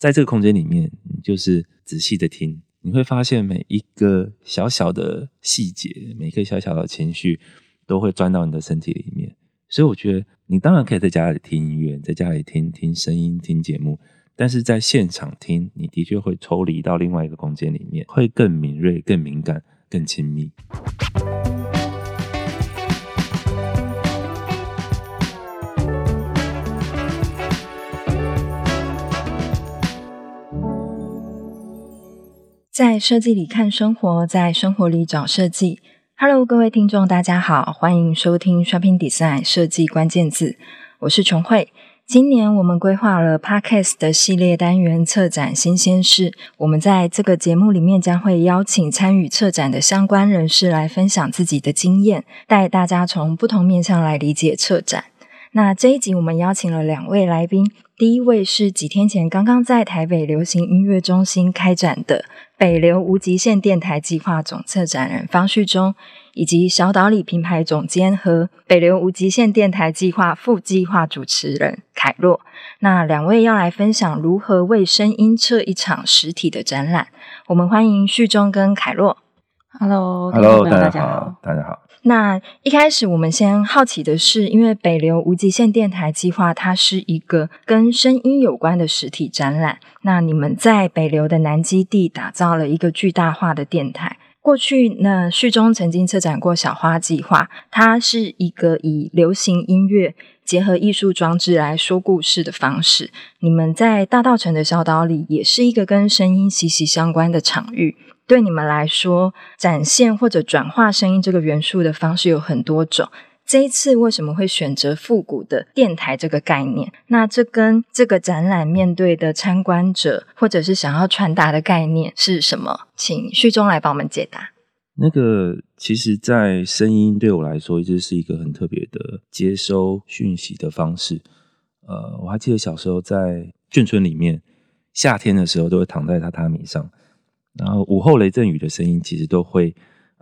在這個空間裡面，你就是仔細的聽，你會發現每一個小小的細節，每一個小小的情緒，都會鑽到你的身體裡面。所以我覺得，你當然可以在家裡聽音樂，在家裡聽聽聲音、聽節目，但是在現場聽，你的確會抽離到另外一個空間裡面，會更敏銳、更敏感、更親密。在設計裡看生活，在生活裡找設計。Hello，各位聽眾，大家好，歡迎收聽 Shopping Design 設計關鍵字，我是瓊慧。今年我們規劃了 Podcast 的系列單元策展新鮮事。我們在這個節目裡面將會邀請參與策展的相關人士來分享自己的經驗，帶大家從不同面向來理解策展。那這一集我們邀請了兩位來賓，第一位是幾天前剛剛在台北流行音樂中心開展的北流無極限電台計劃總策展人方序中，以及小島裡品牌總監和北流無極限電台計劃副計劃主持人凱洛，那兩位要來分享如何為聲音策一場實體的展覽。我們歡迎序中跟凱洛。Hello，Hello，Hello，大家好，大家好。那一開始我們先好奇的是，因為北流無極限電台計劃，它是一個跟聲音有關的實體展覽。那你們在北流的南基地打造了一個巨大化的電台。過去呢，序中曾經策展過“小花計劃”，它是一個以流行音樂結合藝術裝置來說故事的方式。你們在大稻埕的小島裡，也是一個跟聲音息息相關的場域。對你們來說，展現或者轉化聲音這個元素的方式有很多種。這一次為什麼會選擇復古的電台這個概念？那這跟這個展覽面對的參觀者，或者是想要傳達的概念是什麼？請序中來幫我們解答。那個其實，在聲音對我來說，一直是一個很特別的接收訊息的方式。呃，我還記得小時候在眷村裡面，夏天的時候都會躺在榻榻米上。然後午後雷陣雨的聲音，其實都會，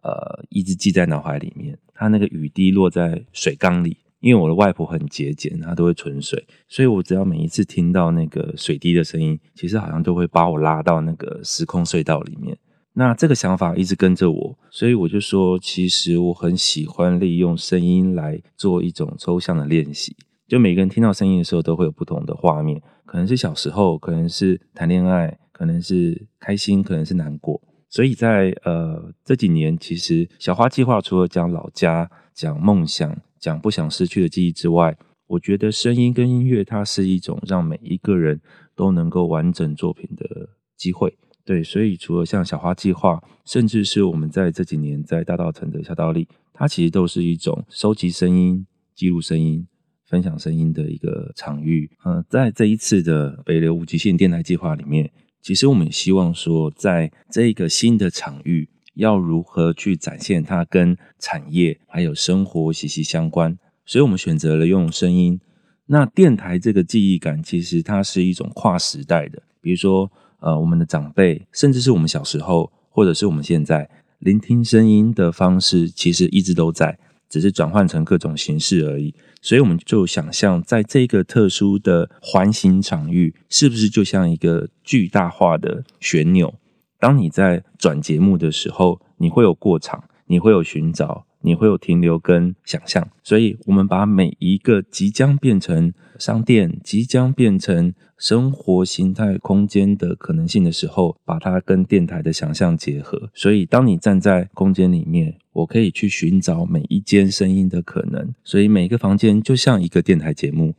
呃，一直記在腦海裡面。它那個雨滴落在水缸裡，因為我的外婆很節儉，她都會存水，所以我只要每一次聽到那個水滴的聲音，其實好像都會把我拉到那個時空隧道裡面。那這個想法一直跟着我，所以我就說，其實我很喜歡利用聲音來做一種抽象的練習。就每個人聽到聲音的時候，都會有不同的畫面，可能是小時候，可能是談戀愛。可能是開心，可能是難過，所以在呃這幾年，其實小花計劃除了講老家、講夢想、講不想失去的記憶之外，我覺得聲音跟音樂它是一種讓每一個人都能夠完整作品的機會。對，所以除了像小花計劃，甚至是我們在這幾年在大稻埕的小島裡，它其實都是一種收集聲音、記錄聲音、分享聲音的一個場域。嗯、呃，在這一次的北流無極限電台計劃裡面。其實我們也希望說，在這一個新的場域，要如何去展現它跟產業還有生活息息相關，所以我們選擇了用聲音。那電台這個記憶感，其實它是一種跨時代的。比如說，呃，我們的長輩，甚至是我們小時候，或者是我們現在，聆聽聲音的方式，其實一直都在，只是轉換成各種形式而已。所以我們就想象，在這個特殊的環形場域，是不是就像一個巨大化的旋鈕？當你在轉節目的時候，你會有過場，你會有尋找。你會有停留跟想象，所以我們把每一個即將變成商店、即將變成生活形態空間的可能性的時候，把它跟電台的想象結合。所以，當你站在空間裡面，我可以去尋找每一間聲音的可能。所以，每個房間就像一個電台節目。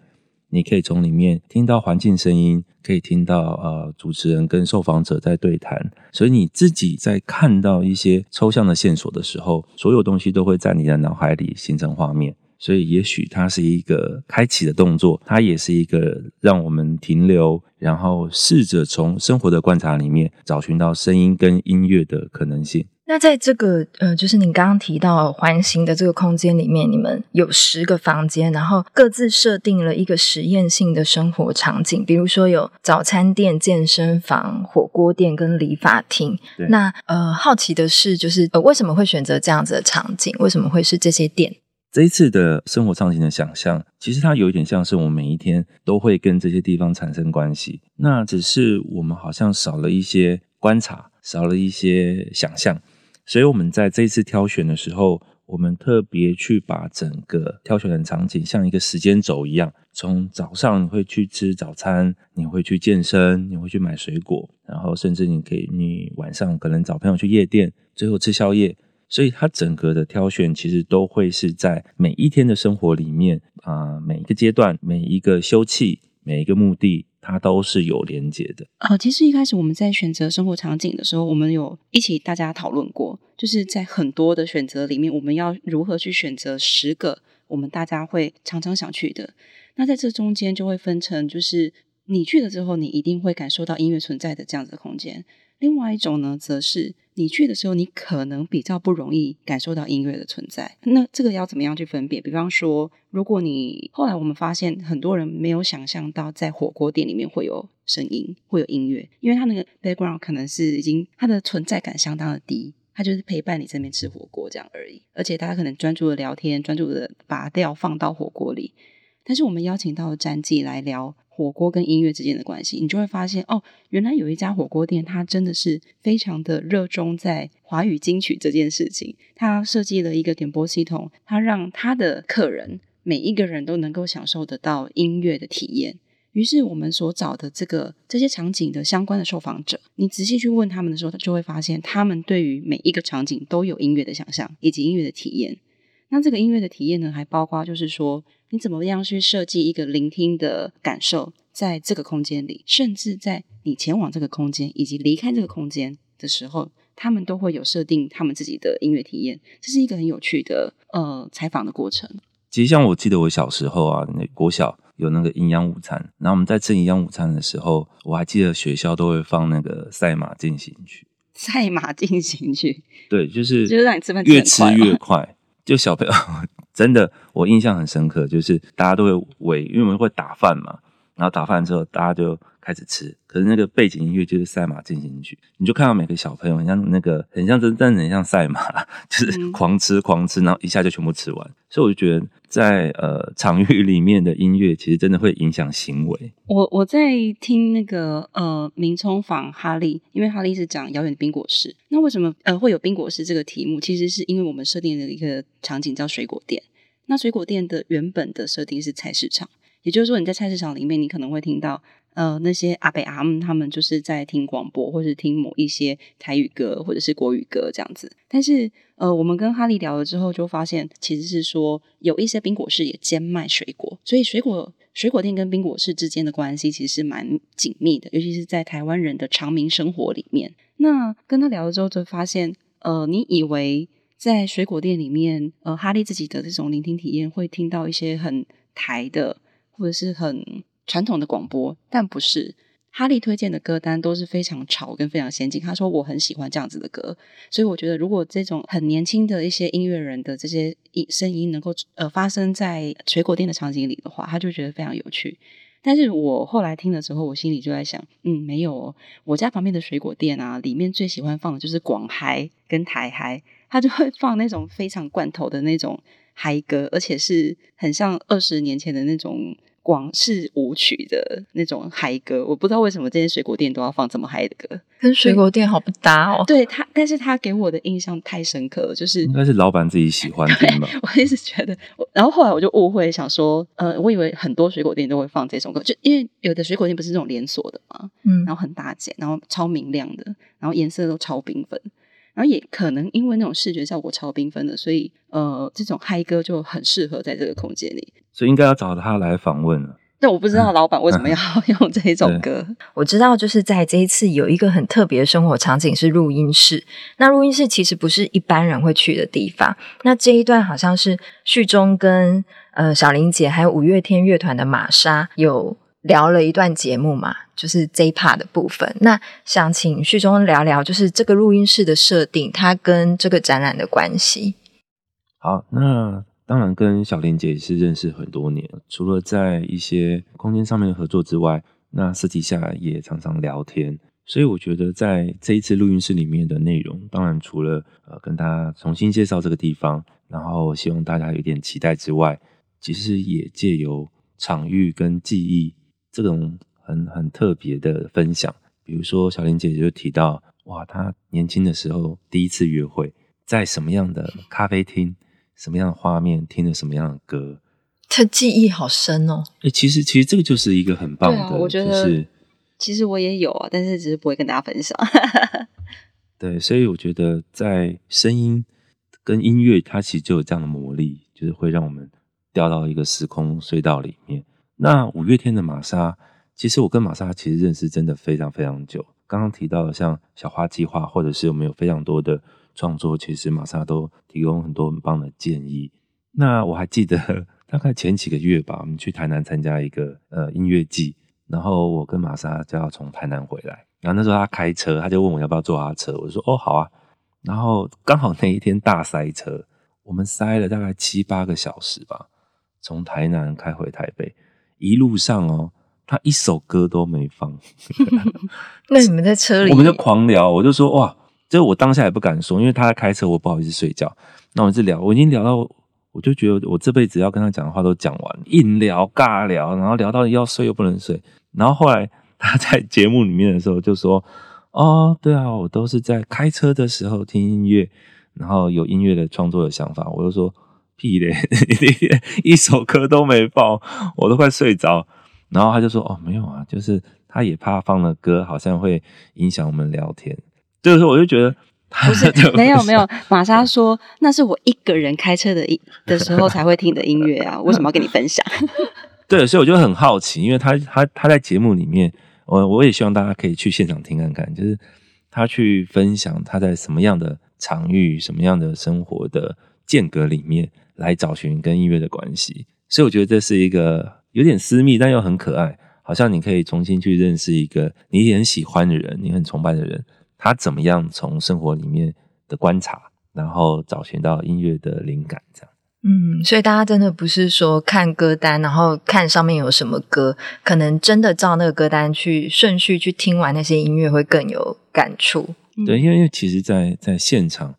你可以從裡面聽到環境聲音，可以聽到呃主持人跟受訪者在對談，所以你自己在看到一些抽象的線索的時候，所有東西都會在你的腦海裡形成畫面，所以也許它是一個開啟的動作，它也是一個讓我們停留，然後試着從生活的觀察裡面找尋到聲音跟音樂的可能性。那在這個呃，就是你剛剛提到環形的這個空間裡面，你們有十個房間，然後各自設定了一個實驗性的生活場景，比如說有早餐店、健身房、火鍋店跟理髮廳。那呃，好奇的是，就是呃，為什麼會選擇這樣子的場景？為什麼會是這些店？這一次的生活場景的想象，其實它有一點像是我們每一天都會跟這些地方產生關係，那只是我們好像少了一些觀察，少了一些想象。所以，我們在這次挑選的時候，我們特別去把整個挑選的場景像一個時間軸一樣，從早上你會去吃早餐，你會去健身，你會去買水果，然後甚至你可以，你晚上可能找朋友去夜店，最後吃宵夜。所以，它整個的挑選其實都會是在每一天的生活裡面啊、呃，每一個階段，每一個休憩，每一個目的。它都是有連接的啊。其實一開始我們在選擇生活場景的時候，我們有一起大家討論過，就是在很多的選擇裡面，我們要如何去選擇十個我們大家會常常想去的。那在這中間就會分成，就是你去了之後，你一定會感受到音樂存在的這樣子的空間。另外一種呢，則是你去的時候，你可能比較不容易感受到音樂的存在。那這個要怎麼樣去分別？比方說，如果你後來我們發現很多人沒有想象到在火鍋店裡面會有聲音，會有音樂，因為它那個 background 可能是已經它的存在感相當的低，它就是陪伴你這邊吃火鍋這樣而已。而且大家可能專注的聊天，專注的把料放到火鍋裡。但是我們邀請到了詹記來聊。火鍋跟音樂之間的關係，你就會發現哦，原來有一家火鍋店，它真的是非常的熱衷在華語金曲這件事情。它設計了一個點播系統，它讓它的客人每一個人都能夠享受得到音樂的體驗。於是我們所找的這個這些場景的相關的受訪者，你仔細去問他們的時候，就會發現他們對於每一個場景都有音樂的想象以及音樂的體驗。那這個音樂的體驗呢，還包括就是說。你怎麼樣去設計一個聆聽的感受？在這個空間裡，甚至在你前往這個空間以及離開這個空間的時候，他們都會有設定他們自己的音樂體驗。這是一個很有趣的呃採訪的過程。其實，像我記得我小時候啊，國小有那個營養午餐，然後我們在吃營養午餐的時候，我還記得學校都會放那個賽馬進行曲。賽馬進行曲，對，就是就是讓你吃飯越吃越快， 就讓你吃飯吃很快吧？ 就小朋友。 真的，我印象很深刻，就是大家都會圍，因為我們會打飯嘛，然後打飯之後，大家就開始吃。可是那個背景音樂就是賽馬進行曲，你就看到每個小朋友，很像那個很像真，真的很像賽馬，就是狂吃狂吃，然後一下就全部吃完。嗯、所以我就覺得在，在呃場域裡面的音樂，其實真的會影響行為。我我在聽那個呃，明沖訪哈利，因為哈利是講遙遠的冰果室。那為什麼呃會有冰果室這個題目？其實是因為我們設定的一個場景叫水果店。那水果店的原本的設定是菜市場，也就是說你在菜市場裡面，你可能會聽到，呃，那些阿伯阿姆他們就是在聽廣播，或者是聽某一些台語歌，或者是國語歌這樣子。但是，呃，我們跟哈利聊了之後，就發現其實是說有一些冰果室也兼賣水果，所以水果水果店跟冰果室之間的關係其實是蠻緊密的，尤其是在台灣人的常民生活裡面。那跟他聊了之後，就發現，呃，你以為。在水果店裡面，呃，哈利自己的這種聆聽體驗會聽到一些很台的或者是很傳統的廣播，但不是哈利推薦的歌單都是非常潮跟非常先進。他說我很喜歡這樣子的歌，所以我覺得如果這種很年輕的一些音樂人的這些音聲音能夠呃發生在水果店的場景裡的話，他就覺得非常有趣。但是我後來聽的時候，我心裡就在想，嗯，沒有哦，我家旁邊的水果店啊，裡面最喜歡放的就是廣嗨跟台嗨。他就會放那種非常罐頭的那種嗨歌，而且是很像二十年前的那種廣式舞曲的那種嗨歌。我不知道為什麼這些水果店都要放這麼嗨的歌，跟水果店好不搭哦。對他，但是他給我的印象太深刻了，就是應該是老闆自己喜歡聽吧。我一直覺得，然後後來我就誤會，想說，呃，我以為很多水果店都會放這種歌，就因為有的水果店不是那種連鎖的嘛，嗯，然後很大間，然後超明亮的，然後顏色都超繽紛。而也可能因為那種視覺效果超繽紛的，所以呃，這種嗨歌就很適合在這個空間裡。所以應該要找他來訪問了。但我不知道老闆為什麼要用這種歌。嗯嗯。我知道就是在這一次有一個很特別的生活場景是錄音室。那錄音室其實不是一般人會去的地方。那這一段好像是序中跟呃小玲姐還有五月天樂團的瑪莎有。聊了一段節目嘛，就是 j p a 的部分。那想請序中聊聊，就是這個錄音室的設定，它跟這個展覽的關係。好，那當然跟小玲姐也是認識很多年，除了在一些空間上面的合作之外，那私底下也常常聊天。所以我覺得在這一次錄音室裡面的內容，當然除了、呃、跟他重新介紹這個地方，然後希望大家有點期待之外，其實也借由場域跟記憶。這種很很特別的分享，比如說小玲姐就提到，哇，她年輕的時候第一次約會，在什麼樣的咖啡廳，什麼樣的畫面，聽着什麼樣的歌，她記憶好深哦。哎、欸，其實其實這個就是一個很棒的，啊、我覺得、就是。其實我也有啊，但是只是不會跟大家分享。 對，所以我覺得在聲音跟音樂，它其實就有這樣的魔力，就是會讓我們掉到一個時空隧道裡面。那五月天的瑪莎，其實我跟瑪莎其實認識真的非常非常久。剛剛提到了像小花計劃，或者是我們有非常多的創作，其實瑪莎都提供很多很棒的建議。那我還記得大概前幾個月吧，我們去台南參加一個呃音樂季，然後我跟瑪莎就要從台南回來，然後那時候她開車，她就問我要不要坐她的車，我說哦好啊。然後剛好那一天大塞車，我們塞了大概七八個小時吧，從台南開回台北。一路上哦，他一首歌都沒放。 那你們在車裡，我們就狂聊。我就說哇，這我當下也不敢說，因為他在開車，我不好意思睡覺。那我就聊，我已經聊到，我就覺得我這輩子要跟他講的話都講完，硬聊尬聊，然後聊到要睡又不能睡。然後後來他在節目裡面的時候就說：“哦，對啊，我都是在開車的時候聽音樂，然後有音樂的創作的想法。”我就說。屁嘞，一首歌都沒放，我都快睡着。然後他就說：“哦，沒有啊，就是他也怕放了歌，好像會影響我們聊天。”這個時候我就覺得不是沒有沒有。瑪莎說：“ 那是我一個人開車的的的時候才會聽的音樂啊，為 什麼要跟你分享？” 對，所以我就很好奇，因為他他他在節目裡面，我我也希望大家可以去現場聽看看，就是他去分享他在什麼樣的場域、什麼樣的生活的間隔裡面。來找尋跟音樂的關係，所以我覺得這是一個有點私密但又很可愛，好像你可以重新去認識一個你很喜歡的人，你很崇拜的人，他怎麼樣從生活裡面的觀察，然後找尋到音樂的靈感，這樣。嗯，所以大家真的不是說看歌單，然後看上面有什麼歌，可能真的照那個歌單去順序去聽完那些音樂，會更有感觸。對，因為因為其實在，在在現場。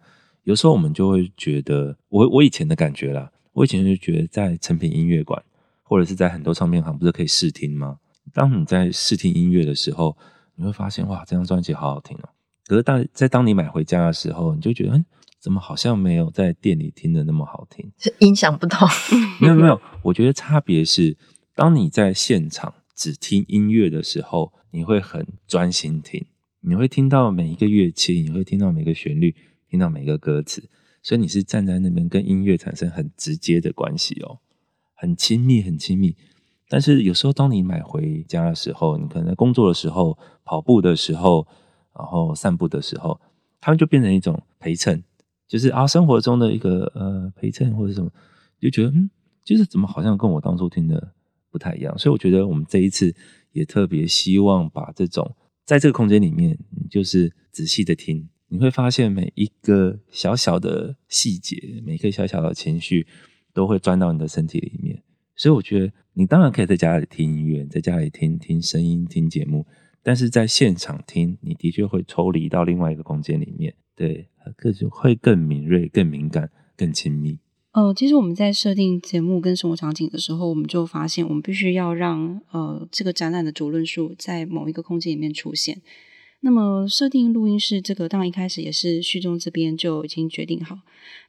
有時候我們就會覺得，我我以前的感覺啦，我以前就覺得在成品音樂館或者是在很多唱片行不是可以試聽嗎？當你在試聽音樂的時候，你會發現哇，這張專輯好好聽哦。可是當在當你買回家的時候，你就覺得，嗯，怎麼好像沒有在店裡聽的那麼好聽？是音響不同？啊，沒有沒有， 我覺得差別是，當你在現場只聽音樂的時候，你會很專心聽，你會聽到每一個樂器，你會聽到每個旋律，聽到每個歌詞，所以你是站在那邊跟音樂產生很直接的關係哦，很親密，很親密。但是有時候當你買回家的時候，你可能在工作的時候、跑步的時候、然後散步的時候，他們就變成一種陪襯，就是啊生活中的一個呃陪襯或者什麼，就覺得嗯，就是怎麼好像跟我當初聽的不太一樣。所以我覺得我們這一次也特別希望把這種在這個空間裡面，你就是仔細的聽。你會發現每一個小小的細節，每一個小小的情緒，都會鑽到你的身體裡面。所以我覺得，你當然可以在家裡聽音樂，在家裡聽聽聲音、聽節目，但是在現場聽，你的確會抽離到另外一個空間裡面，對，更會更敏銳、更敏感、更親密。嗯、呃，其實我們在設定節目跟生活場景的時候，我們就發現，我們必須要讓呃這個展覽的主論述在某一個空間裡面出現。那麼設定錄音室，這個當然一開始也是序中這邊就已經決定好。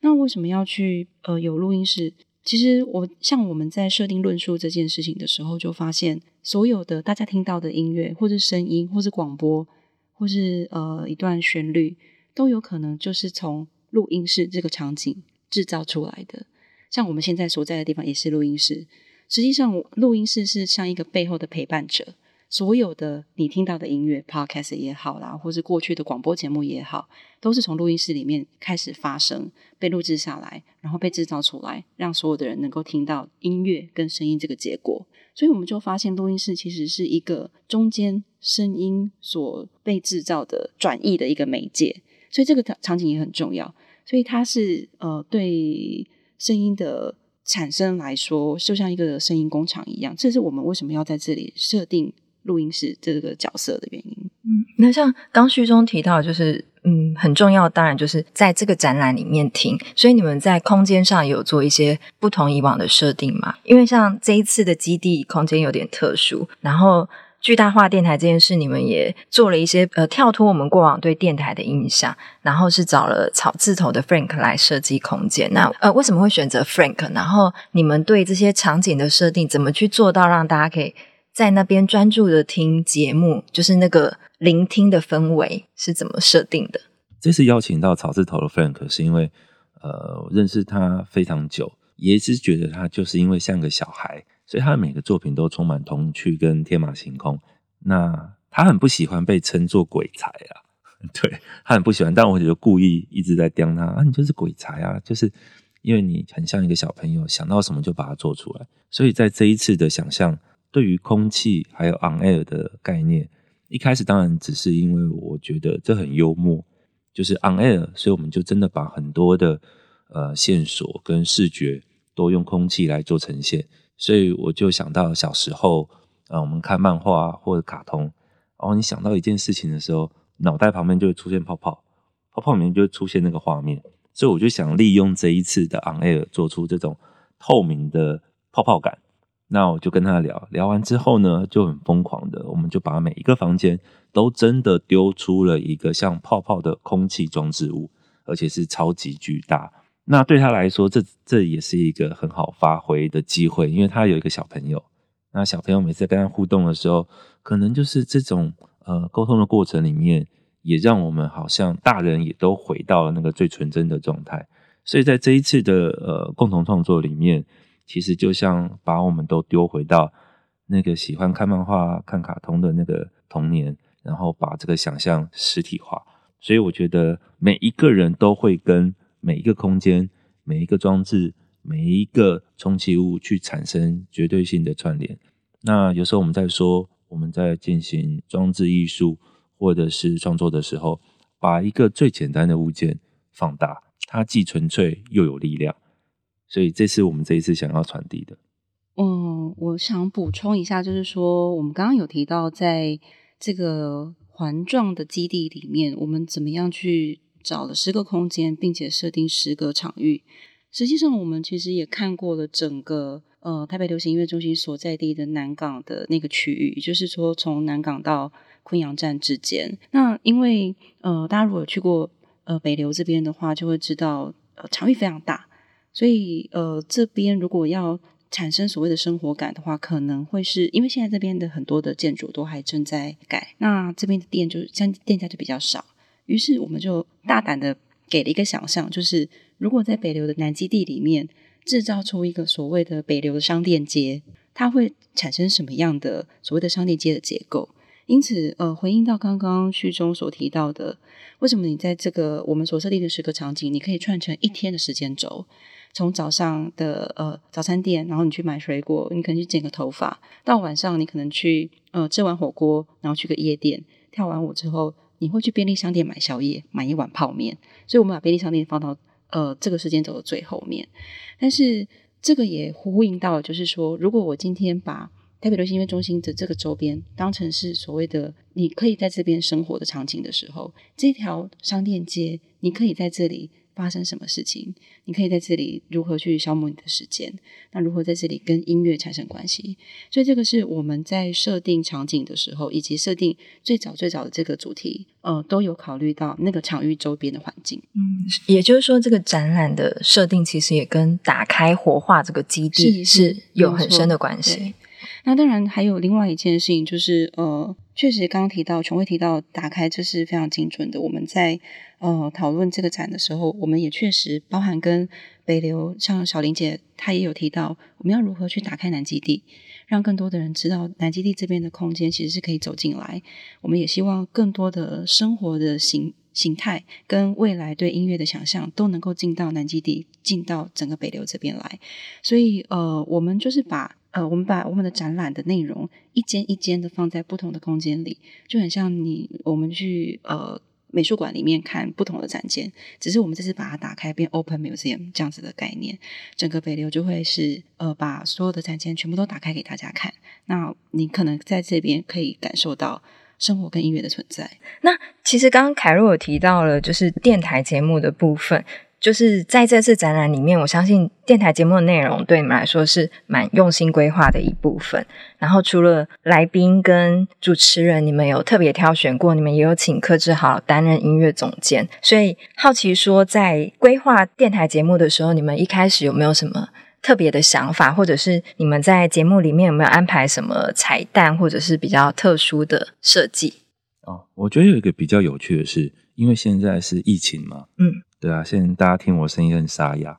那為什麼要去呃有錄音室？其實我像我們在設定論述這件事情的時候，就發現所有的大家聽到的音樂，或是聲音，或是廣播，或是呃一段旋律，都有可能就是從錄音室這個場景製造出來的。像我們現在所在的地方也是錄音室，實際上錄音室是像一個背後的陪伴者。所有的你聽到的音樂、podcast 也好啦，或是過去的廣播節目也好，都是從錄音室裡面開始發聲，被錄制下來，然後被制造出來，讓所有的人能夠聽到音樂跟聲音這個結果。所以我們就發現，錄音室其實是一個中間聲音所被制造的轉譯的一個媒介。所以這個場景也很重要。所以它是呃，對聲音的產生來說，就像一個聲音工廠一樣。這是我們為什麼要在這裡設定錄音室這個角色的原因，嗯，那像剛序中提到，就是嗯，很重要，當然就是在這個展覽裡面聽，所以你們在空間上有做一些不同以往的設定嘛？因為像這一次的基地空間有點特殊，然後巨大化電台這件事，你們也做了一些呃跳脫我們過往對電台的印象，然後是找了草字頭的 Frank 來設計空間。嗯、那呃，為什麼會選擇 Frank？然後你們對這些場景的設定，怎麼去做到讓大家可以？在那邊專注的聽節目，就是那個聆聽的氛圍是怎麼設定的？這次邀請到草字頭的 Frank 是因為，呃，我認識他非常久，也一直覺得，他就是因為像個小孩，所以他的每個作品都充滿童趣跟天馬行空。那他很不喜歡被稱作鬼才啊，對，他很不喜歡，但我覺得故意一直在刁他，啊，你就是鬼才啊，就是因為你很像一個小朋友，想到什麼就把它做出來。所以在這一次的想象。對於空氣還有 on air 的概念，一開始當然只是因為我覺得這很幽默，就是 on air，所以我們就真的把很多的呃線索跟視覺都用空氣來做呈現。所以我就想到小時候啊、呃，我們看漫畫或者卡通，然後，哦，你想到一件事情的時候，腦袋旁邊就會出現泡泡，泡泡裡面就會出現那個畫面。所以我就想利用這一次的 on air 做出這種透明的泡泡感。那我就跟他聊聊完之後呢，就很瘋狂的，我們就把每一個房間都真的丟出了一個像泡泡的空氣裝置物，而且是超級巨大。那對他來說，這這也是一個很好發揮的機會，因為他有一個小朋友。那小朋友每次跟他互動的時候，可能就是這種呃溝通的過程裡面，也讓我們好像大人也都回到了那個最純真的狀態。所以在這一次的呃共同創作裡面。其實就像把我們都丟回到那個喜歡看漫畫、看卡通的那個童年，然後把這個想象實體化。所以我覺得每一個人都會跟每一個空間、每一個裝置、每一個充氣物去產生絕對性的串聯。那有時候我們在說我們在進行裝置藝術或者是創作的時候，把一個最簡單的物件放大，它既純粹又有力量。所以，這是我們這一次想要傳遞的。嗯，我想補充一下，就是說，我們剛剛有提到，在這個環狀的基地裡面，我們怎麼樣去找了十個空間，並且設定十個場域。實際上，我們其實也看過了整個呃台北流行音樂中心所在地的南港的那個區域，也就是說，從南港到昆陽站之間。那因為呃，大家如果去過呃北流這邊的話，就會知道呃場域非常大。所以，呃，這邊如果要產生所謂的生活感的話，可能會是因為現在這邊的很多的建築都還正在改，那這邊的店就是像店家就比較少，於是我們就大膽的給了一個想象，就是如果在北流的南基地裡面製造出一個所謂的北流的商店街，它會產生什麼樣的所謂的商店街的結構？因此，呃，回應到剛剛序中所提到的，為什麼你在這個我們所設定的十個場景，你可以串成一天的時間軸？從早上的呃早餐店，然後你去買水果，你可能去剪個頭髮，到晚上你可能去呃吃完火鍋，然後去個夜店跳完舞之後，你會去便利商店買宵夜，買一碗泡麵。所以我們把便利商店放到呃這個時間軸的最後面。但是這個也呼應到，就是說，如果我今天把台北流行音樂中心的這個周邊當成是所謂的你可以在這邊生活的場景的時候，這條商店街，你可以在這裡。發生什麼事情？你可以在這裡如何去消磨你的時間？那如何在這裡跟音樂產生關係？所以這個是我們在設定場景的時候，以及設定最早最早的這個主題，呃，都有考慮到那個場域周邊的環境。嗯，也就是說，這個展覽的設定其實也跟打開活化這個基地是有很深的關係。嗯、關係，那當然還有另外一件事情就是，呃。確實，剛剛提到瓊慧提到打開，這是非常精準的。我們在呃討論這個展的時候，我們也確實包含跟北流，像小玲姐她也有提到，我們要如何去打開南基地，讓更多的人知道南基地這邊的空間其實是可以走進來。我們也希望更多的生活的形形態跟未來對音樂的想象都能夠進到南基地，進到整個北流這邊來。所以呃，我們就是把。呃，我們把我們的展覽的內容一間一間的放在不同的空間裡，就很像你我們去呃美術館裡面看不同的展件，只是我們這次把它打開，變 open museum 這樣子的概念，整個北流就會是呃把所有的展件全部都打開給大家看。那你可能在這邊可以感受到生活跟音樂的存在。那其實剛剛凱洛有提到了，就是電台節目的部分。就是在這次展覽裡面，我相信電台節目的內容對你們來說是蠻用心規劃的一部分。然後除了來賓跟主持人，你們有特別挑選過，你們也有請柯智豪擔任音樂總監。所以好奇說，在規劃電台節目的時候，你們一開始有沒有什麼特別的想法，或者是你們在節目裡面有沒有安排什麼彩蛋，或者是比較特殊的設計？哦，我覺得有一個比較有趣的是，因為現在是疫情嘛，嗯。對啊，現在大家聽我聲音很沙啞。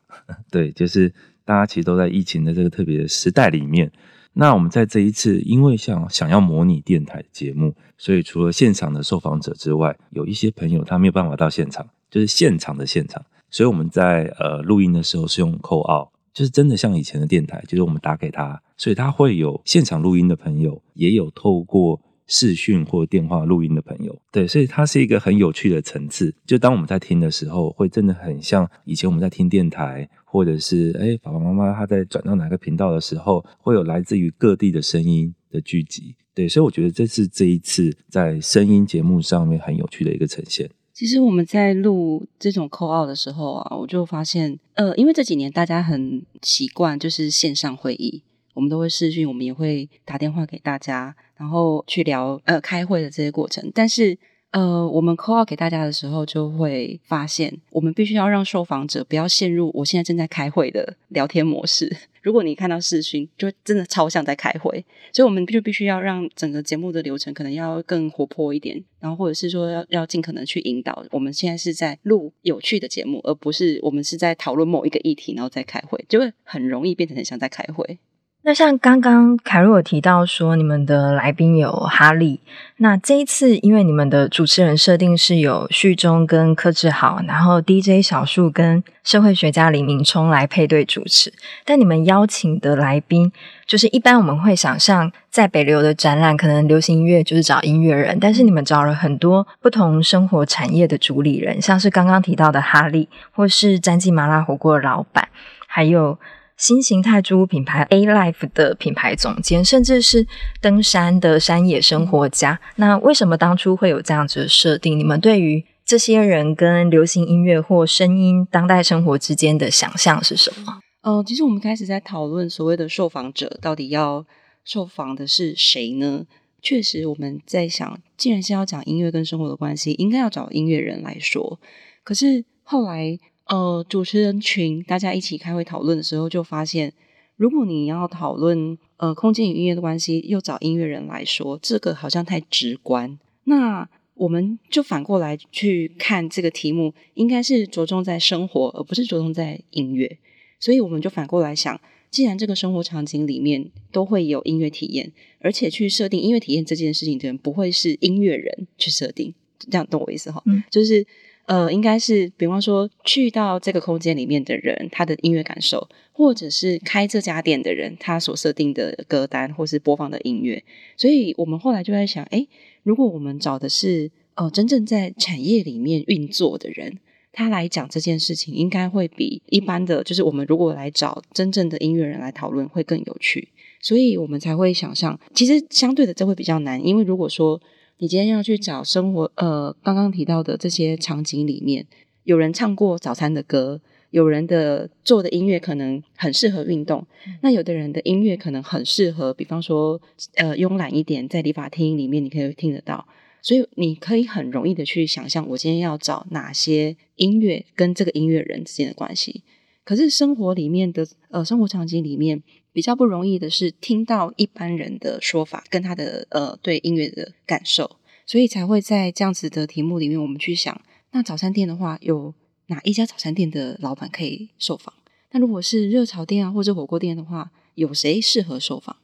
對，就是大家其實都在疫情的這個特別的時代裡面。那我們在這一次，因為想想要模擬電台的節目，所以除了現場的受訪者之外，有一些朋友他沒有辦法到現場，就是現場的現場。所以我們在呃錄音的時候是用 call out，就是真的像以前的電台，就是我們打給他，所以他會有現場錄音的朋友，也有透過。視訊或電話錄音的朋友，對，所以它是一個很有趣的層次。就當我們在聽的時候，會真的很像以前我們在聽電台，或者是哎、欸，爸爸媽媽他在轉到哪個頻道的時候，會有來自於各地的聲音的聚集。對，所以我覺得這是這一次在聲音節目上面很有趣的一個呈現。其實我們在錄這種 Q 二的時候啊，我就發現，呃，因為這幾年大家很習慣就是線上會議。我們都會視訊，我們也會打電話給大家，然後去聊呃開會的這些過程。但是呃，我們 call 號給大家的時候，就會發現我們必須要讓受訪者不要陷入我現在正在開會的聊天模式。如果你看到視訊，就真的超像在開會，所以我們就必須要讓整個節目的流程可能要更活潑一點，然後或者是說要要盡可能去引導，我們現在是在錄有趣的節目，而不是我們是在討論某一個議題，然後再開會，就會很容易變成很像在開會。那像剛剛凱洛有提到說，你們的來賓有哈利。那這一次，因為你們的主持人設定是有序中跟柯智豪，然後 DJ 小樹跟社會學家李明璁來配對主持。但你們邀請的來賓，就是一般我們會想象在北流的展覽，可能流行音樂就是找音樂人，但是你們找了很多不同生活產業的主理人，像是剛剛提到的哈利，或是詹記麻辣火鍋的老闆，還有。新型態珠品牌 A Life 的品牌總監，甚至是登山的山野生活家。那為什麼當初會有這樣子的設定？你們對於這些人跟流行音樂或聲音、當代生活之間的想象是什麼？嗯、呃，其實我們開始在討論所謂的受訪者到底要受訪的是誰呢？確實，我們在想，既然先要講音樂跟生活的關係，應該要找音樂人來說。可是後來。呃，主持人群大家一起開會討論的時候，就發現，如果你要討論呃，空間與音樂的關係，又找音樂人來說，這個好像太直觀。那我們就反過來去看這個題目，應該是着重在生活，而不是着重在音樂。所以我們就反過來想，既然這個生活場景裡面都會有音樂體驗，而且去設定音樂體驗這件事情，就不會是音樂人去設定，這樣懂我意思哈？嗯，就是。呃，應該是比方說去到這個空間裡面的人，他的音樂感受，或者是開這家店的人，他所設定的歌單，或是播放的音樂。所以我們後來就在想，欸，如果我們找的是呃，真正在產業裡面運作的人，他來講這件事情，應該會比一般的就是我們如果來找真正的音樂人來討論，會更有趣。所以我們才會想象，其實相對的，這會比較難，因為如果說。你今天要去找生活，呃，剛剛提到的這些場景裡面，有人唱過早餐的歌，有人的做的音樂可能很適合運動，那有的人的音樂可能很適合，比方說，呃，慵懶一點，在理髮廳裡面你可以聽得到，所以你可以很容易的去想象，我今天要找哪些音樂跟這個音樂人之間的關係。可是生活裡面的，呃，生活場景裡面。比較不容易的是聽到一般人的說法跟他的，呃，對音樂的感受，所以才會在這樣子的題目裡面，我們去想，那早餐店的話，有哪一家早餐店的老闆可以受訪？那如果是熱炒店啊或者火鍋店的話，有誰適合受訪？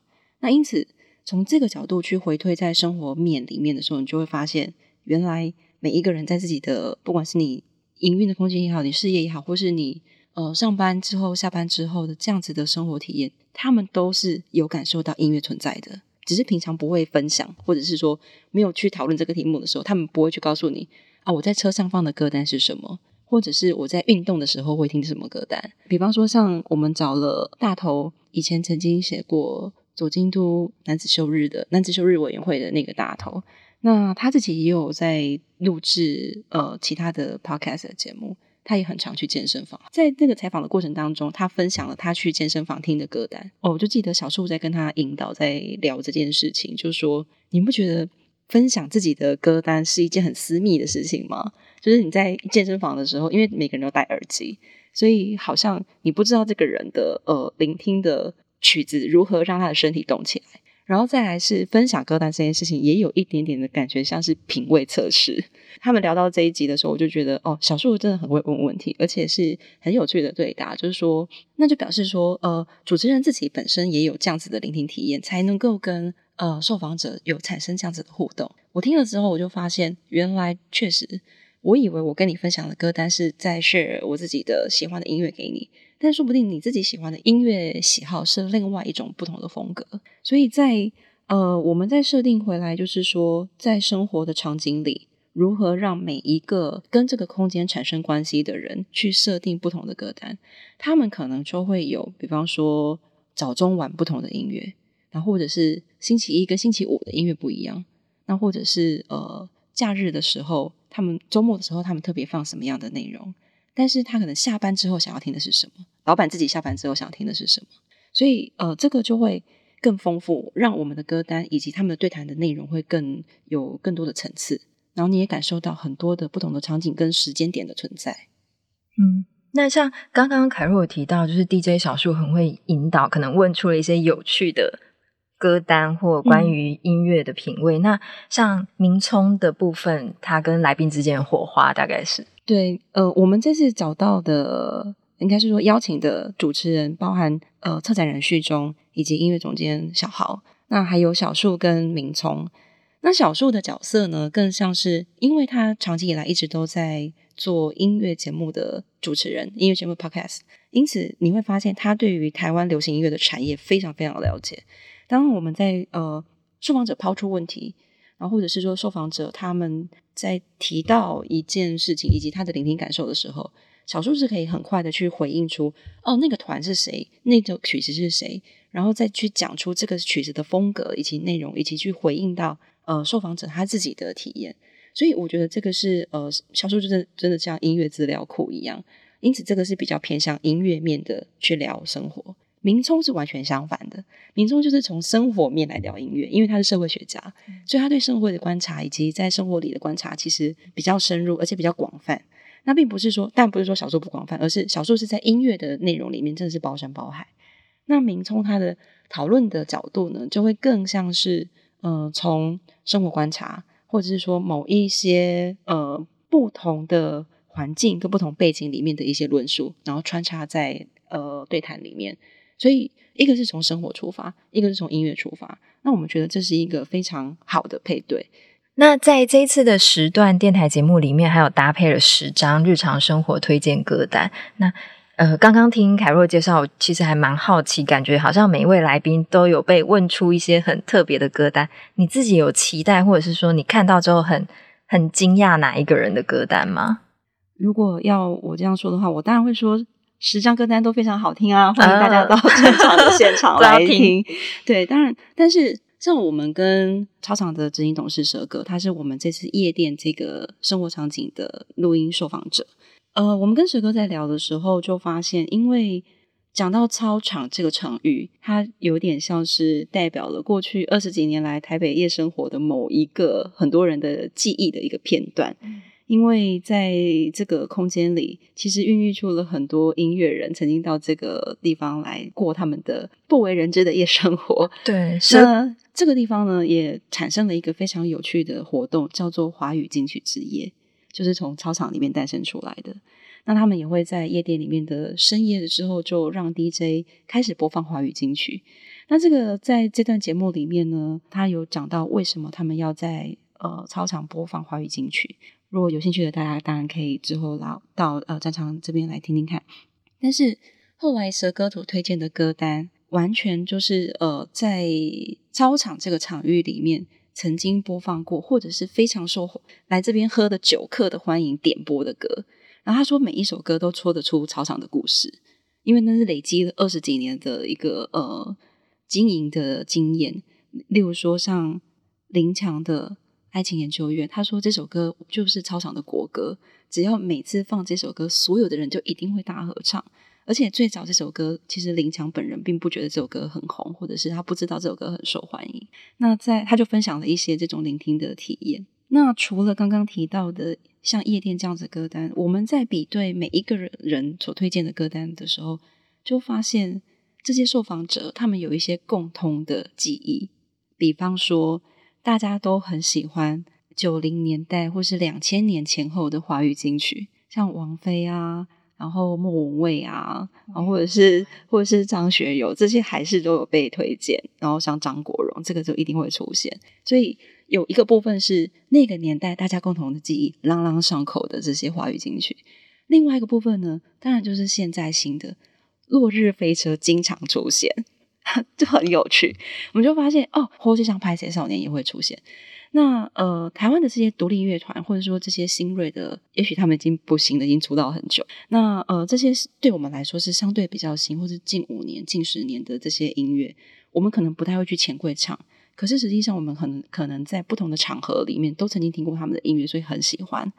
那因此從這個角度去回推在生活面裡面的時候，你就會發現，原來每一個人在自己的不管是你營運的空間也好，你事業也好，或是你。呃，上班之後、下班之後的這樣子的生活體驗，他們都是有感受到音樂存在的，只是平常不會分享，或者是說沒有去討論這個題目的時候，他們不會去告訴你啊，我在車上放的歌單是什麼，或者是我在運動的時候會聽什麼歌單。比方說，像我們找了大頭，以前曾經寫過《左京都男子休日》的的男子休日委員會的那個大頭，那他自己也有在錄制呃其他的 podcast 的節目。他也很常去健身房，在那個採訪的過程當中，他分享了他去健身房聽的歌單。哦、oh,，我就記得小時候在跟他引導在聊這件事情，就是說：“你不覺得分享自己的歌單是一件很私密的事情嗎？就是你在健身房的時候，因為每個人都戴耳機，所以好像你不知道這個人的呃聆聽的曲子如何讓他的身體動起來。”然後再來是分享歌單這件事情，也有一點點的感覺像是品味測試。他們聊到這一集的時候，我就覺得哦，小樹真的很會問問題，而且是很有趣的對答。就是說，那就表示說，呃，主持人自己本身也有這樣子的聆聽體驗，才能夠跟呃受訪者有產生這樣子的互動。我聽了之後，我就發現原來確實，我以為我跟你分享的歌單是在 share 我自己的喜歡的音樂給你。但說不定你自己喜歡的音樂喜好是另外一種不同的風格，所以在呃，我們再設定回來，就是說，在生活的場景裡，如何讓每一個跟這個空間產生關係的人去設定不同的歌單，他們可能就會有，比方說早中晚不同的音樂，然後或者是星期一跟星期五的音樂不一樣，那或者是呃，假日的時候，他們週末的時候，他們特別放什麼樣的內容？但是他可能下班之後想要聽的是什麼？老闆自己下班之後想要聽的是什麼？所以，呃，這個就會更豐富，讓我們的歌單以及他們對談的內容會更有更多的層次。然後你也感受到很多的不同的場景跟時間點的存在。嗯，那像剛剛凱洛有提到，就是 DJ 小樹很會引導，可能問出了一些有趣的。歌單或關於音樂的品味、嗯，那像明聰的部分，他跟來賓之間的火花，大概是？對，呃，我們這次找到的，應該是說，邀請的主持人，包含呃策展人序中以及音樂總監小豪，那還有小樹跟明聰。那小樹的角色呢，更像是因為他長期以來一直都在做音樂節目的主持人，音樂節目 podcast，因此你會發現他對於台灣流行音樂的產業非常非常了解。當我們在呃受訪者拋出問題，然後或者是說受訪者他們在提到一件事情以及他的聆聽感受的時候，小樹是可以很快的去回應出哦，那個團是誰，那個曲子是誰，然後再去講出這個曲子的風格以及內容，以及去回應到呃受訪者他自己的體驗。所以我覺得這個是呃小樹是真的真的像音樂資料庫一樣，因此這個是比較偏向音樂面的去聊生活。明璁是完全相反的，明璁就是從生活面來聊音樂，因為他是社會學家，嗯、所以他對社會的觀察以及在生活裡的觀察其實比較深入，而且比較廣泛。那並不是說，但不是說小樹不廣泛，而是小樹是在音樂的內容裡面真的是包山包海。那明璁他的討論的角度呢，就會更像是嗯、呃，從生活觀察，或者是說某一些呃不同的環境跟不同背景裡面的一些論述，然後穿插在呃對談裡面。所以，一個是從生活出發，一個是從音樂出發。那我們覺得這是一個非常好的配對。那在這一次的十段電台節目裡面，還有搭配了十張日常生活推薦歌單。那呃，剛剛聽凱洛介紹，其實還蠻好奇，感覺好像每一位來賓都有被問出一些很特別的歌單。你自己有期待，或者是說你看到之後很很驚訝哪一個人的歌單嗎？如果要我這樣說的話，我當然會說。十張歌單都非常好聽啊！歡迎大家到現場的現場來聽，哦、聽。對，當然，但是像我們跟操場的執行董事蛇哥，他是我們這次夜店這個生活場景的錄音受訪者。呃，我們跟蛇哥在聊的時候，就發現，因為講到操場這個場域，它有點像是代表了過去二十幾年來台北夜生活的某一個很多人的記憶的一個片段。嗯因為在這個空間裡，其實孕育出了很多音樂人，曾經到這個地方來過他們的不為人知的夜生活。對，是。那這個地方呢，也產生了一個非常有趣的活動，叫做華語金曲之夜，就是從操場裡面誕生出來的。那他們也會在夜店裡面的深夜的時候，就讓 DJ 開始播放華語金曲。那這個在這段節目裡面呢，他有講到為什麼他們要在呃操場播放華語金曲。如果有興趣的大家，當然可以之後來到呃操場這邊來聽聽看。但是後來蛇哥所推薦的歌單，完全就是呃在操場這個場域裡面曾經播放過，或者是非常受來這邊喝的酒客的歡迎點播的歌。然後他說每一首歌都戳得出操場的故事，因為那是累積了二十幾年的一個呃經營的經驗。例如說像林強的，愛情研究院，他說這首歌就是操場的國歌，只要每次放這首歌，所有的人就一定會大合唱。而且最早這首歌，其實林強本人並不覺得這首歌很紅，或者是他不知道這首歌很受歡迎。那在他就分享了一些這種聆聽的體驗。那除了剛剛提到的像夜店這樣子的歌單，我們在比對每一個人人所推薦的歌單的時候，就發現這些受訪者他們有一些共通的記憶，比方說。大家都很喜歡九零年代或是兩千年前後的華語金曲，像王菲啊，然後莫文蔚啊，然後或者是或者是張學友，這些還是都有被推薦。然後像張國榮，這個就一定會出現。所以有一個部分是那個年代大家共同的記憶，朗朗上口的這些華語金曲。另外一個部分呢，當然就是現在新的《落日飛車》經常出現。 就很有趣，我們就發現哦，或是像拍謝少年也會出現。那呃，台灣的這些獨立樂團，或者說這些新銳的，也許他們已經不行了，已經出道很久。那呃，這些對我們來說是相對比較新，或是近五年、近十年的這些音樂，我們可能不太會去錢櫃唱。可是實際上，我們可能可能在不同的場合裡面都曾經聽過他們的音樂，所以很喜歡。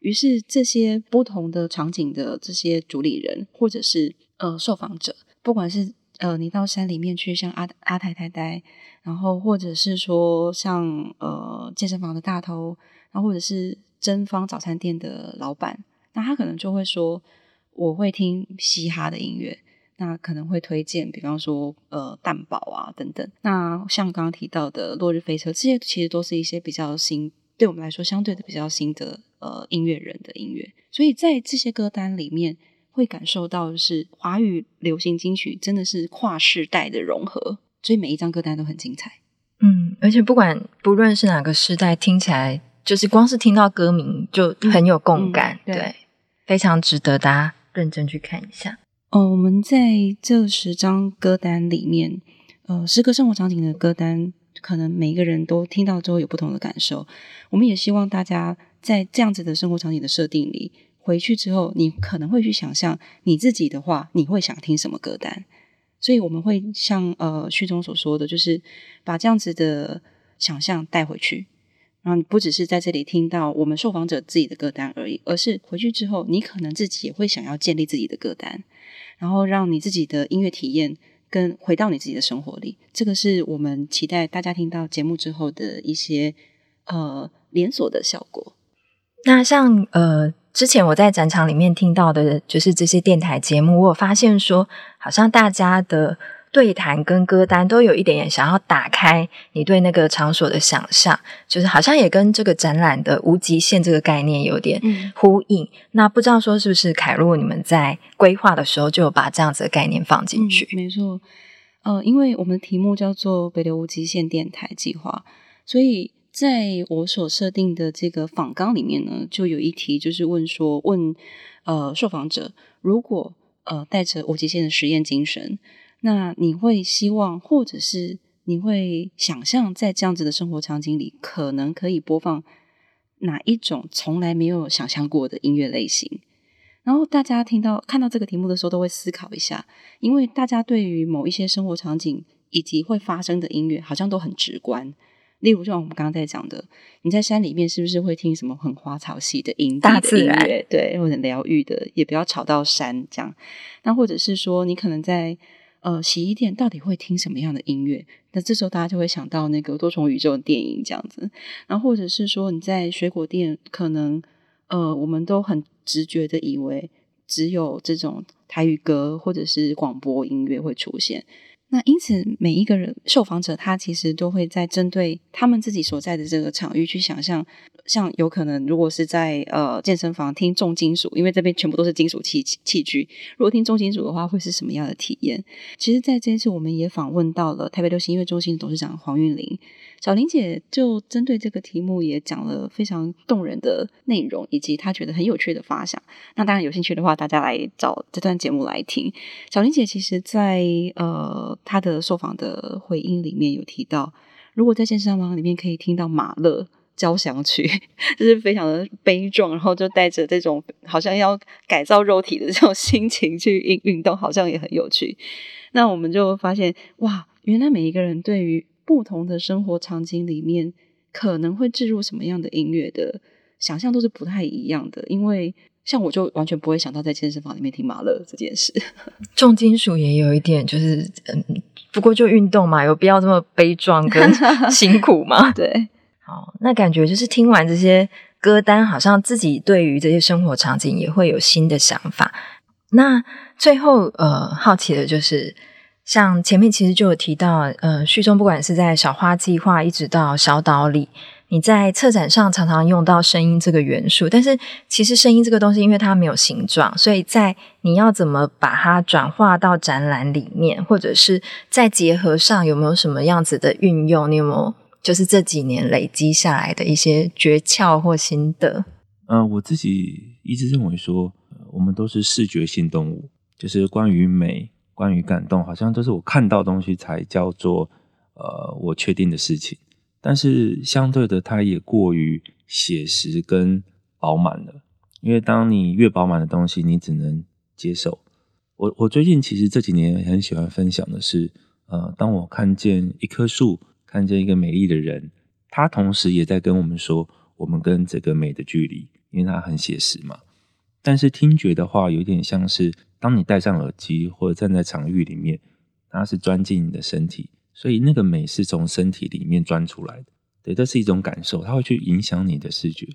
於是這些不同的場景的這些主理人，或者是呃受訪者，不管是。呃，你到山裡面去，像阿阿太太呆，然後或者是說像呃健身房的大頭，然後或者是真方早餐店的老闆，那他可能就會說，我會聽嘻哈的音樂，那可能會推薦，比方說呃蛋堡啊等等，那像剛剛提到的落日飛車，這些其實都是一些比較新，對我們來說相對的比較新的呃音樂人的音樂，所以在這些歌單裡面。會感受到的是華語流行金曲，真的是跨世代的融合，所以每一張歌單都很精彩。嗯，而且不管不論是哪個時代，聽起來就是光是聽到歌名就很有共感，嗯對，對，非常值得大家認真去看一下。哦，我們在這十張歌單裡面，呃，十個生活場景的歌單，可能每一個人都聽到之後有不同的感受。我們也希望大家在這樣子的生活場景的設定裡。回去之後，你可能會去想象你自己的話，你會想聽什麼歌單。所以我們會像呃序中所說的，就是把這樣子的想象帶回去，然後你不只是在這裡聽到我們受訪者自己的歌單而已，而是回去之後，你可能自己也會想要建立自己的歌單，然後讓你自己的音樂體驗跟回到你自己的生活裡。這個是我們期待大家聽到節目之後的一些呃連鎖的效果。那像呃，之前我在展場裡面聽到的，就是這些電台節目，我有發現說，好像大家的對談跟歌單都有一點點想要打開你對那個場所的想象，就是好像也跟這個展覽的無極限這個概念有點呼應。嗯、那不知道說是不是凱洛你們在規劃的時候就有把這樣子的概念放進去？嗯、沒錯，呃，因為我們的題目叫做“北流無極限電台計劃”，所以。在我所設定的這個訪綱裡面呢，就有一題就是問說：問呃受訪者，如果呃帶着無極限的實驗精神，那你會希望，或者是你會想象，在這樣子的生活場景裡，可能可以播放哪一種從來沒有想象過的音樂類型？然後大家聽到看到這個題目的時候，都會思考一下，因為大家對於某一些生活場景以及會發生的音樂，好像都很直觀。例如像我們剛剛在講的，你在山裡面是不是會聽什麼很花草系的音，的音樂？大自然，對，或者療癒的，也不要吵到山這樣。那或者是說，你可能在呃洗衣店，到底會聽什麼樣的音樂？那這時候大家就會想到那個多重宇宙的電影這樣子。然後或者是說，你在水果店，可能呃，我們都很直覺的以為只有這種台語歌或者是廣播音樂會出現。那因此，每一個人受訪者他其實都會在針對他們自己所在的這個場域去想象，像有可能如果是在呃健身房聽重金屬，因為這邊全部都是金屬器器具，如果聽重金屬的話，會是什麼樣的體驗？其實，在這一次我們也訪問到了台北流行音樂中心的董事長黃韻玲。小玲姐就針對這個題目也講了非常動人的內容，以及她覺得很有趣的發想。那當然有興趣的話，大家來找這段節目來聽。小玲姐其實在呃她的受訪的回音裡面有提到，如果在健身房裡面可以聽到馬勒交響曲，就是非常的悲壯，然後就帶着這種好像要改造肉體的這種心情去運運動，好像也很有趣。那我們就發現哇，原來每一個人對於不同的生活場景裡面，可能會置入什麼樣的音樂的想象都是不太一樣的。因為像我就完全不會想到在健身房裡面聽馬勒這件事。重金屬也有一點，就是嗯，不過就運動嘛，有必要這麼悲壯跟 辛苦嗎嘛？ 對，好，那感覺就是聽完這些歌單，好像自己對於這些生活場景也會有新的想法。那最後呃，好奇的就是。像前面其實就有提到，呃，序中不管是在小花計劃一直到小島裡，你在策展上常常用到聲音這個元素，但是其實聲音這個東西，因為它沒有形狀，所以在你要怎麼把它轉化到展覽裡面，或者是在結合上有沒有什麼樣子的運用？你有沒有就是這幾年累積下來的一些訣竅或心得？呃，我自己一直認為說，我們都是視覺性動物，就是關於美。關於感動，好像都是我看到東西才叫做呃，我確定的事情，但是相對的，它也過於寫實跟飽滿了，因為當你越飽滿的東西，你只能接受。我我最近其實這幾年很喜歡分享的是，呃，當我看見一棵樹，看見一個美麗的人，他同時也在跟我們說，我們跟這個美的距離，因為它很寫實嘛。但是聽覺的話，有點像是，當你戴上耳機或者站在場域裡面，它是鑽進你的身體，所以那個美是從身體裡面鑽出來的。對，這是一種感受，它會去影響你的視覺。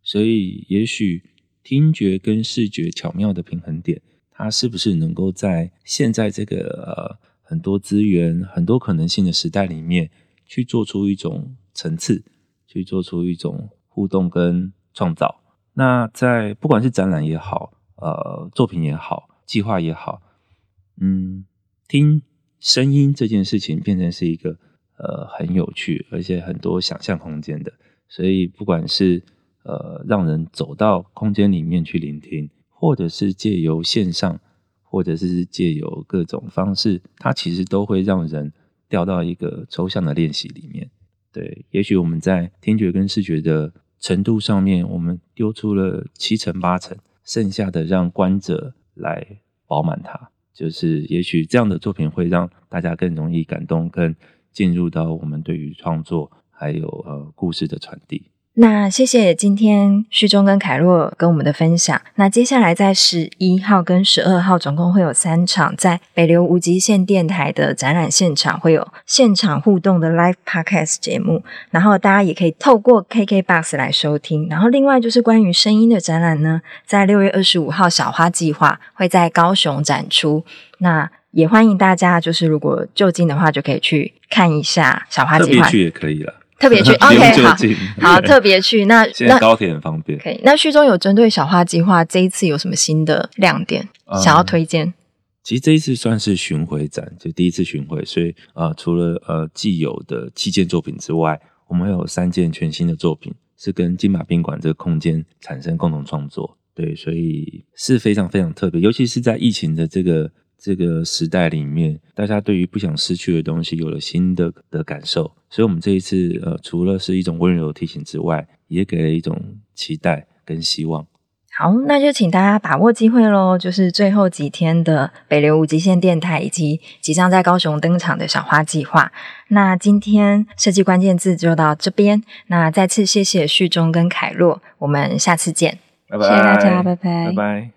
所以，也許聽覺跟視覺巧妙的平衡點，它是不是能夠在現在這個呃很多資源、很多可能性的時代裡面，去做出一種層次，去做出一種互動跟創造？那在不管是展覽也好，呃，作品也好，計劃也好，嗯，聽聲音這件事情變成是一個呃很有趣，而且很多想象空間的。所以不管是呃讓人走到空間裡面去聆聽，或者是借由線上，或者是借由各種方式，它其實都會讓人掉到一個抽象的練習裡面。對，也許我們在聽覺跟視覺的程度上面，我們丟出了七成八成，剩下的讓觀者來飽滿它。就是，也許這樣的作品會讓大家更容易感動，更進入到我們對於創作還有呃故事的傳遞。那謝謝今天序中跟凱洛跟我們的分享。那接下來在十一號跟十二號，總共會有三場在北流無極限電台的展覽現場會有現場互動的 live podcast 節目，然後大家也可以透過 KKBOX 來收聽。然後另外就是關於聲音的展覽呢，在六月二十五號小花計劃會在高雄展出，那也歡迎大家就是如果就近的話，就可以去看一下小花計劃。去也可以了。特別去 ，OK，好，好，特別去。那現在高鐵很方便。可以。Okay, 那序中有針對小花計劃這一次有什麼新的亮點、嗯、想要推薦？其實這一次算是巡迴展，就第一次巡迴，所以呃，除了呃既有的七件作品之外，我們還有三件全新的作品是跟金馬賓館這個空間產生共同創作。對，所以是非常非常特別，尤其是在疫情的這個。這個時代裡面，大家對於不想失去的東西有了新的的感受，所以我們這一次呃，除了是一種溫柔的提醒之外，也給了一種期待跟希望。好，那就請大家把握機會嘍，就是最後幾天的北流無極限電台，以及即將在高雄登場的小花計劃。那今天設計關鍵字就到這邊，那再次謝謝序中跟凱洛，我們下次見，拜拜，謝謝大家，拜拜，拜拜。